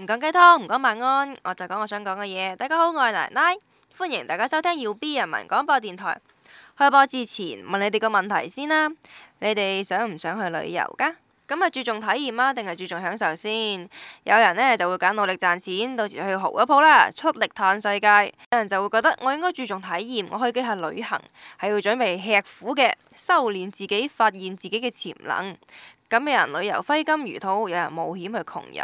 唔講雞湯，唔講晚安，我就講我想講嘅嘢。大家好，我係奶奶，歡迎大家收聽要 B 人民廣播電台。開播之前問你哋個問題先啦，你哋想唔想去旅遊噶？咁係注重體驗啊，定係注重享受先？有人呢就會揀努力賺錢，到時去豪一鋪啦，出力嘆世界。有人就會覺得我應該注重體驗，我去幾下旅行，係要準備吃苦嘅，修煉自己，發現自己嘅潛能。咁有人旅遊揮金如土，有人冒險去窮遊。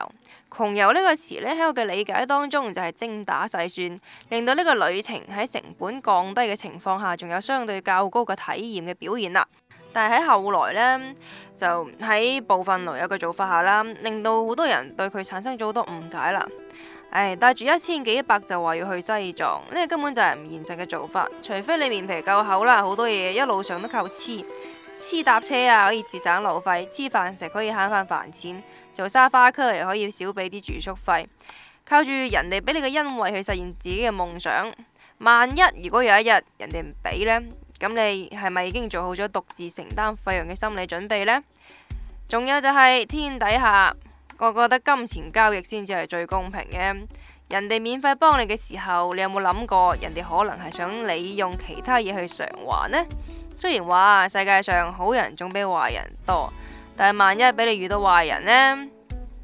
窮遊呢個詞呢，喺我嘅理解當中就係精打細算，令到呢個旅程喺成本降低嘅情況下，仲有相對較高嘅體驗嘅表現啦。但係喺後來呢，就喺部分驢友嘅做法下啦，令到好多人對佢產生咗好多誤解啦。唉，帶住一千幾百就話要去西藏，呢、呢個根本就係唔現實嘅做法，除非你面皮夠厚啦，好多嘢一路上都靠黐。黐搭車啊，可以節省路費；黐飯食可以慳返飯錢；做沙發區可以少俾啲住宿費。靠住人哋俾你嘅恩惠去實現自己嘅夢想，萬一如果有一日人哋唔俾呢，咁你係咪已經做好咗獨自承擔費用嘅心理準備呢？仲有就係、是、天底下，我覺得金錢交易先至係最公平嘅。人哋免費幫你嘅時候，你有冇諗過人哋可能係想你用其他嘢去償還呢？雖然話世界上好人總比壞人多，但係萬一俾你遇到壞人呢，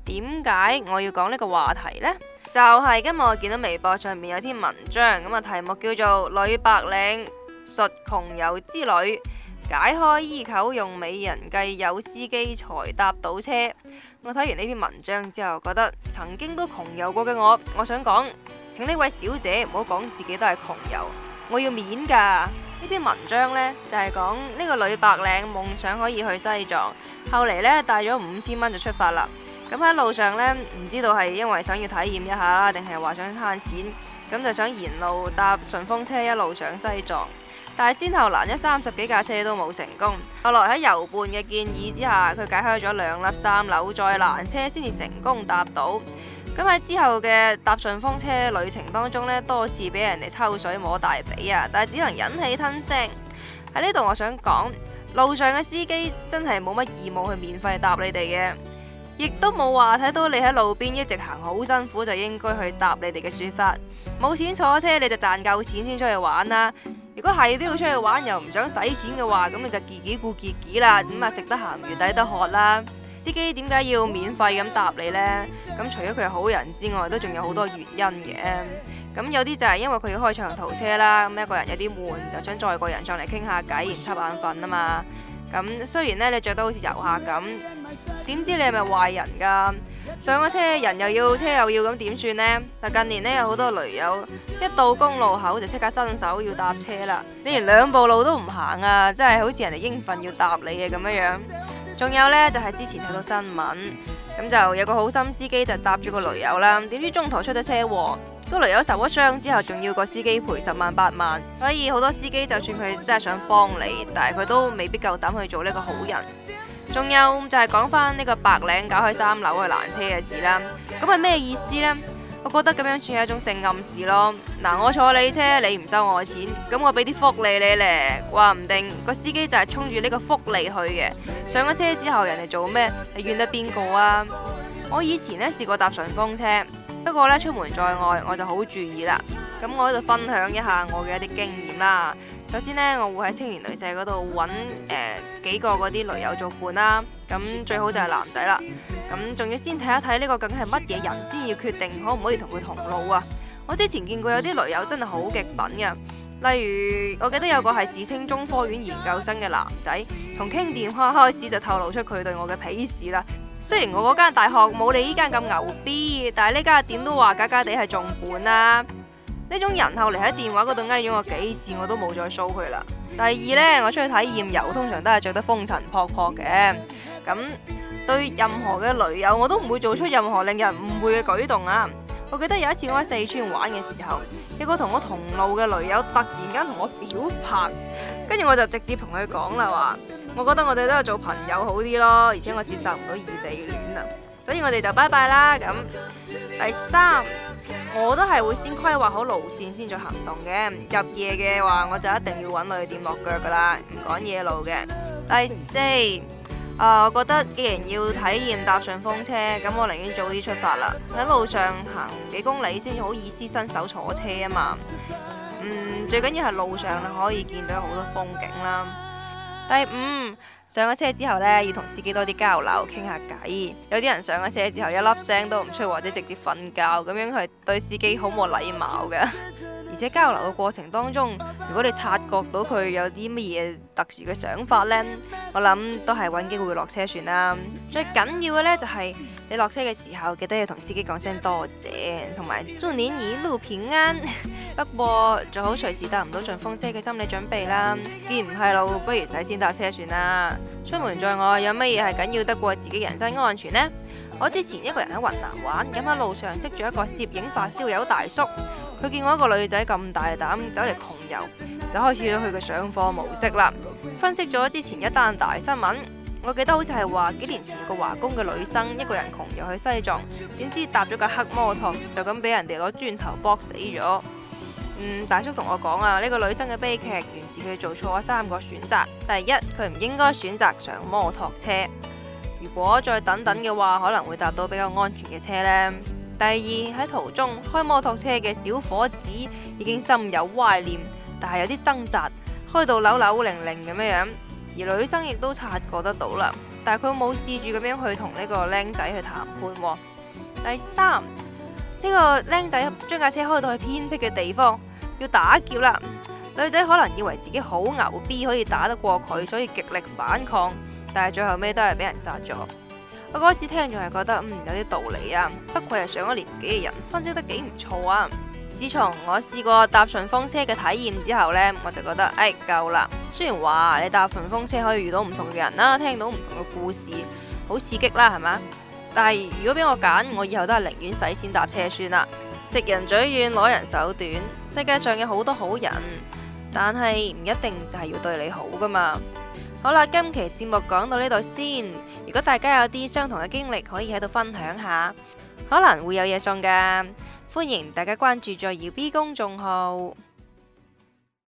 點解我要講呢個話題呢？就係今日我見到微博上面有篇文章，咁啊題目叫做《女白領述窮遊之旅》，解開衣扣用美人計，有司機才搭到車。我睇完呢篇文章之後，覺得曾經都窮遊過嘅我，我想講，請呢位小姐唔好講自己都係窮遊，我要面噶。呢篇文章呢，就係講呢個女白領夢想可以去西藏，後嚟呢，帶咗五千蚊就出發啦。咁喺路上呢，唔知道係因為想要體驗一下啦，定係話想慳錢，咁就想沿路搭順風車一路上西藏。但係先後攔咗三十幾架車都冇成功。後來喺遊伴嘅建議之下，佢解開咗兩粒衫紐，再攔車先至成功搭到。咁喺之後嘅搭順風車旅程當中呢，多次俾人哋抽水摸大髀啊！但係只能忍氣吞聲。喺呢度我想講，路上嘅司機真係冇乜義務去免費搭你哋嘅，亦都冇話睇到你喺路邊一直行好辛苦就應該去搭你哋嘅説法。冇錢坐車你就賺夠錢先出去玩啦。如果係都要出去玩又唔想使錢嘅話，咁你就自己顧自己啦。咁、嗯、啊，食得鹹魚抵得渴啦。司機點解要免費咁搭你呢？咁除咗佢係好人之外，都仲有好多原因嘅。咁有啲就係因為佢要開長途車啦，咁一個人有啲悶，就想載個人上嚟傾下偈，而唔瞌眼瞓啊嘛。咁雖然呢，你着得好似遊客咁，點知你係咪壞人噶？上咗車，人又要，車又要咁點算呢？嗱，近年呢，有好多驢友一到公路口就即刻伸手要搭車啦。你連兩步路都唔行啊！真係好似人哋應份要搭你嘅咁樣樣。仲有呢，就係之前睇到新聞，咁就有個好心司機就搭咗個女友啦，點知中途出咗車禍，個女友受咗傷之後，仲要個司機賠十萬八萬，所以好多司機就算佢真係想幫你，但係佢都未必夠膽去做呢個好人。仲有就係講翻呢個白領搞去三樓去攔車嘅事啦，咁係咩意思呢？我覺得咁樣算係一種性暗示咯。嗱，我坐你車，你唔收我錢，咁我俾啲福利你咧，話唔定個司機就係衝住呢個福利去嘅。上咗車之後，人哋做咩，你怨得邊個啊？我以前呢試過搭順風車，不過呢，出門在外，我就好注意啦。咁我喺度分享一下我嘅一啲經驗啦。首先呢，我會喺青年旅社嗰度揾誒幾個嗰啲驢友做伴啦。咁最好就係男仔啦。咁仲要先睇一睇呢個究竟係乜嘢人，先要決定可唔可以同佢同路啊！我之前見過有啲驢友真係好極品嘅啊，例如我記得有個係自稱中科院研究生嘅男仔，從傾電話開始就透露出佢對我嘅鄙視啦。雖然我嗰間大學冇你依間咁牛逼，但係呢間點都話假假哋係重本啦啊。呢種人後嚟喺電話嗰度呃咗我幾次，我都冇再蘇佢啦。第二呢，我出去體驗遊通常都係着得風塵僕僕嘅，咁。對任何嘅驢友我都唔會做出任何令人誤會嘅舉動啊！我記得有一次我喺四川玩嘅時候，一個同我同路嘅驢友突然間同我表白，跟住我就直接同佢講啦，話我覺得我哋都係做朋友好啲咯，而且我接受唔到異地戀啊，所以我哋就拜拜啦。咁第三，我都係會先規劃好路線先再行動嘅，入夜嘅話我就一定要搵旅店落腳噶啦，唔趕夜路嘅。第四。啊，uh, 我覺得既然要體驗搭順風車，咁我寧願早啲出發啦。喺路上行幾公里先好意思伸手坐車啊嘛。嗯，最緊要係路上可以見到好多風景啦。第五，上咗車之後呢，要同司機多啲交流，傾下偈。有啲人上咗車之後一粒聲都唔出，或者直接瞓覺，咁樣係對司機好冇禮貌噶。而且交流嘅過程當中，如果你察覺到佢有啲乜嘢特殊嘅想法呢，我諗都係搵機會落車算啦。最緊要嘅呢、就是，就係你落車嘅時候，記得要同司機講聲多謝，同埋祝你一路平安。不過做好隨時搭唔到順風車嘅心理準備啦。既然唔係路，不如使錢搭車算啦。出門在外，有乜嘢係緊要得過自己人身安全呢？我之前一個人喺雲南玩，咁喺路上識咗一個攝影發燒友大叔。佢見我一個女仔咁大膽走嚟窮遊，就開始咗佢嘅上課模式啦。分析咗之前一單大新聞，我記得好似係話幾年前個華工嘅女生一個人窮遊去西藏，點知搭咗架黑摩托，就咁俾人哋攞磚頭搏死咗。嗯，大叔同我講啊，呢個女生嘅悲劇源自佢做錯咗三個選擇。第一，佢唔應該選擇上摩托車。如果再等等嘅話，可能會搭到比較安全嘅車呢。第二，喺途中開摩托車嘅小伙子已經心有歪念，但係有啲掙扎，開到扭扭零零咁樣樣。而女生亦都察覺得到啦，但係佢冇試住咁樣去同呢個靚仔去談判。第三。呢個僆仔將架車開到去偏僻嘅地方，要打劫啦！女仔可能以為自己好牛逼可以打得過佢，所以極力反抗，但係最後尾都係俾人殺咗。我嗰次聽仲係覺得，嗯，有啲道理啊！不愧係上咗年紀嘅人，分析得幾唔錯啊！自從我試過搭順風車嘅體驗之後呢，我就覺得，哎，夠啦！雖然話你搭順風車可以遇到唔同嘅人啦，聽到唔同嘅故事，好刺激啦，係嘛？但係如果俾我揀，我以後都係寧願使錢搭車算啦。食人嘴軟，攞人手短，世界上有好多好人，但係唔一定就係要對你好噶嘛。好啦，今期節目講到呢度先。如果大家有啲相同嘅經歷，可以喺度分享下，可能會有嘢送噶。歡迎大家關注在搖 B 公眾號。